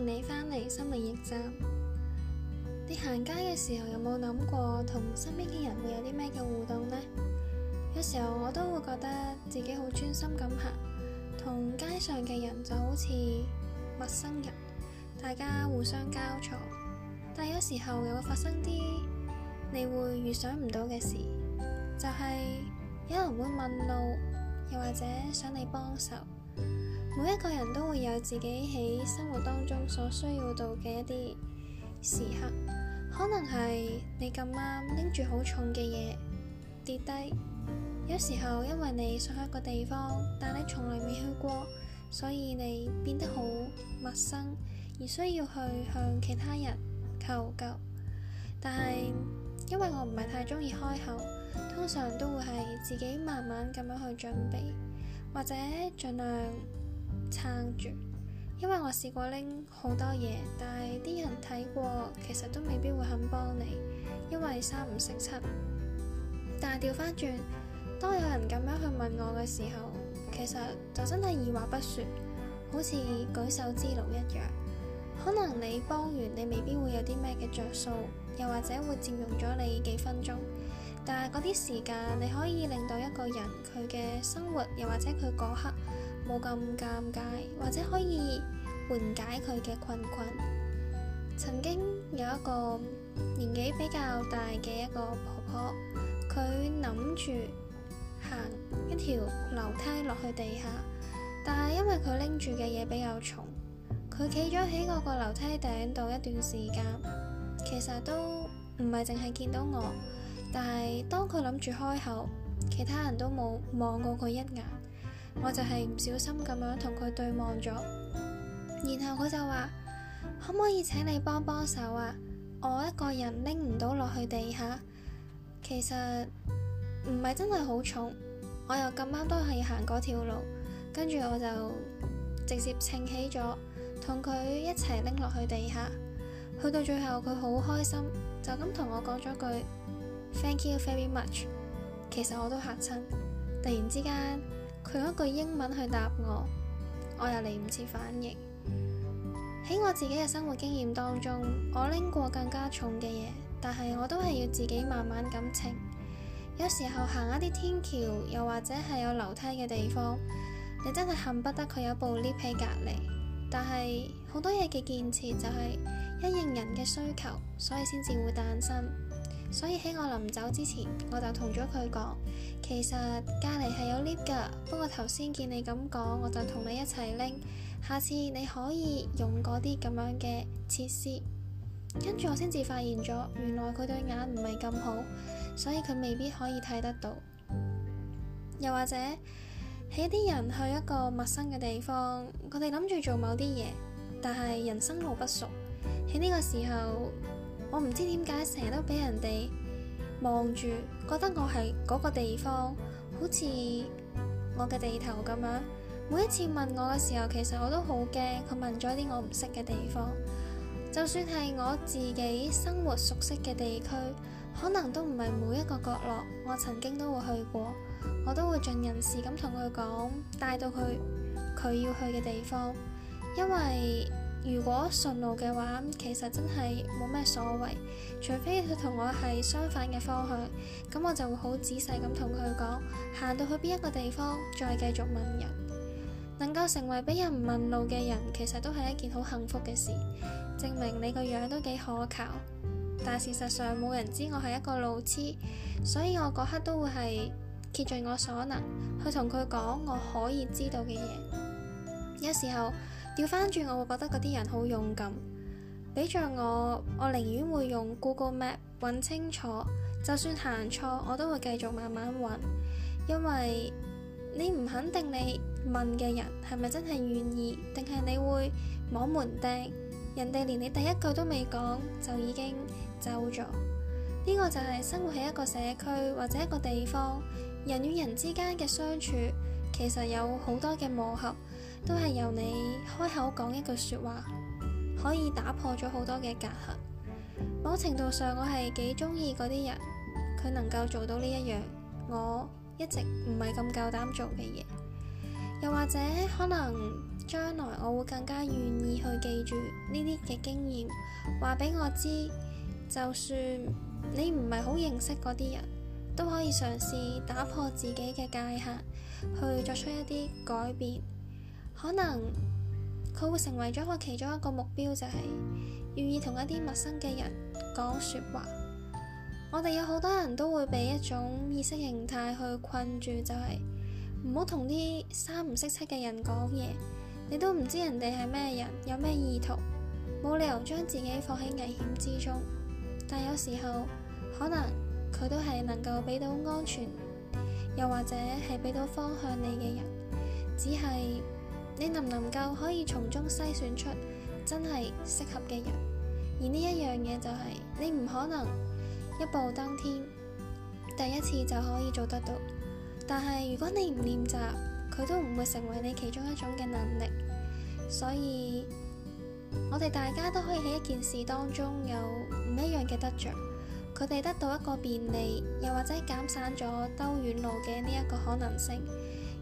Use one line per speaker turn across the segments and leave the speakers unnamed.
你翻嚟心靈驛站，你行街嘅時候有冇諗過同身邊嘅人會有啲咩嘅互動呢？有時候我都會覺得自己好專心咁行，同街上嘅人就好似陌生人，大家互相交錯。但有時候又會發生啲你會預想唔到嘅事，就係有人會問路，又或者想你幫手。每一個人都會有自己喺生活當中所需要到嘅一啲時刻，可能係你咁啱拎住好重嘅嘢跌低，有時候因為你想去一個地方，但你從來未去過，所以你變得好陌生而需要去向其他人求救。但係因為我唔係太中意開口，通常都會係自己慢慢咁樣去準備，或者盡量。撐住，因為我試過拎好多嘢，但係啲人睇過，其實都未必會肯幫你，因為三唔識七。但係調翻轉，當有人咁樣去問我嘅時候，其實就真係二話不說，好似舉手之勞一樣。可能你幫完，你未必會有啲咩嘅着數，又或者會佔用咗你幾分鐘，但係嗰啲時間，你可以令到一個人佢嘅生活，又或者佢嗰刻。冇咁尷尬，或者可以緩解佢嘅困難。曾經有一個年紀比較大嘅一個婆婆，佢諗住行一條樓梯落去地下，但係因為佢拎住嘅嘢比較重，佢企咗喺我個樓梯頂度一段時間。其實都唔係淨係見到我，但係當佢諗住開口，其他人都冇望過佢一眼。我就係唔小心咁樣同佢對望咗，然後佢就話可唔可以請你幫幫手啊？我一個人拎唔到落去地下，其實唔係真係好重，我又咁啱都係行嗰條路，跟住我就直接稱起咗，同佢一齊拎落去地下。去到最後，佢好開心，就咁同我講咗句 Thank you very much。其實我都嚇親，突然之間。佢一句英文去答我，我又嚟唔切反應。喺我自己嘅生活經驗當中，我拎過更加重嘅嘢，但係我都係要自己慢慢感情。有時候行一啲天橋，又或者係有樓梯嘅地方，你真係恨不得佢有部 lift 喺隔離。但係好多嘢嘅建設就係因應人嘅需求，所以先至會誕生。所以喺我臨走之前，我就同咗佢講，其實隔籬係有 lift 噶。不過頭先見你咁講，我就同你一齊拎。下次你可以用嗰啲咁樣嘅設施。跟住我先至發現咗，原來佢對眼唔係咁好，所以佢未必可以睇得到。又或者喺啲人去一個陌生嘅地方，佢哋諗住做某啲嘢，但係人生路不熟，喺呢個時候。我唔知點解成日都俾人哋望住，覺得我係嗰個地方，好似我嘅地頭咁樣。每一次問我嘅時候，其實我都好驚，佢問咗啲我唔識嘅地方。就算係我自己生活熟悉嘅地區，可能都唔係每一個角落，我曾經都會去過，我都會盡人事咁同佢講，帶到佢，佢要去嘅地方，因為，如果順路嘅話，其實真係冇咩所謂。除非佢同我係相反嘅方向，咁我就會好仔細咁同佢講行到去邊一個地方，再繼續問人。能夠成為俾人問路嘅人，其實都係一件好幸福嘅事，證明你個樣都幾可靠。但事實上冇人知我係一個路痴，所以我嗰刻都會係竭盡我所能去同佢講我可以知道嘅嘢。有時候。要翻轉，我會覺得嗰啲人好勇敢。畀着我，我寧願會用 Google Map 揾清楚，就算行錯，我都會繼續慢慢揾，因為你唔肯定你問嘅人係咪真係願意，定係你會摸門釘人哋，連你第一句都未講就已經走咗。呢、這個就係生活喺一個社區或者一個地方，人與人之間嘅相處，其實有好多嘅磨合。都係由你開口講一句說話，可以打破咗好多嘅隔閡。某程度上，我係幾中意嗰啲人，佢能夠做到呢一樣我一直唔係咁夠膽做嘅嘢。又或者可能將來我會更加願意去記住呢啲嘅經驗，話俾我知，就算你唔係好認識嗰啲人，都可以嘗試打破自己嘅界限，去作出一啲改變。可能佢會成為咗我其中一個目標，就係願意同一啲陌生嘅人講說話。我哋有好多人都會俾一種意識形態去困住，就係唔好同啲三唔識七嘅人講嘢，你都唔知人哋係咩人，有咩意圖，冇理由將自己放喺危險之中。但有時候可能佢都係能夠俾到安全，又或者係俾到方向你嘅人，只係。你能唔能夠可以從中篩選出真係適合嘅人？而呢一樣嘢就係、是、你唔可能一步登天，第一次就可以做得到。但係如果你唔練習，佢都唔會成為你其中一種嘅能力。所以，我哋大家都可以喺一件事當中有唔一樣嘅得着，佢哋得到一個便利，又或者減散咗兜遠路嘅呢一個可能性。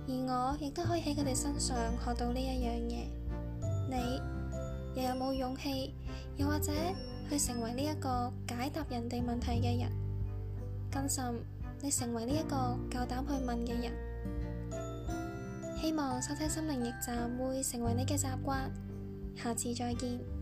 而我亦都可以喺佢哋身上學到呢一樣嘢。你又有冇勇氣，又或者去成為呢一個解答人哋問題嘅人？更甚，你成為呢一個夠膽去問嘅人。希望收聽心靈驛站會成為你嘅習慣。下次再見。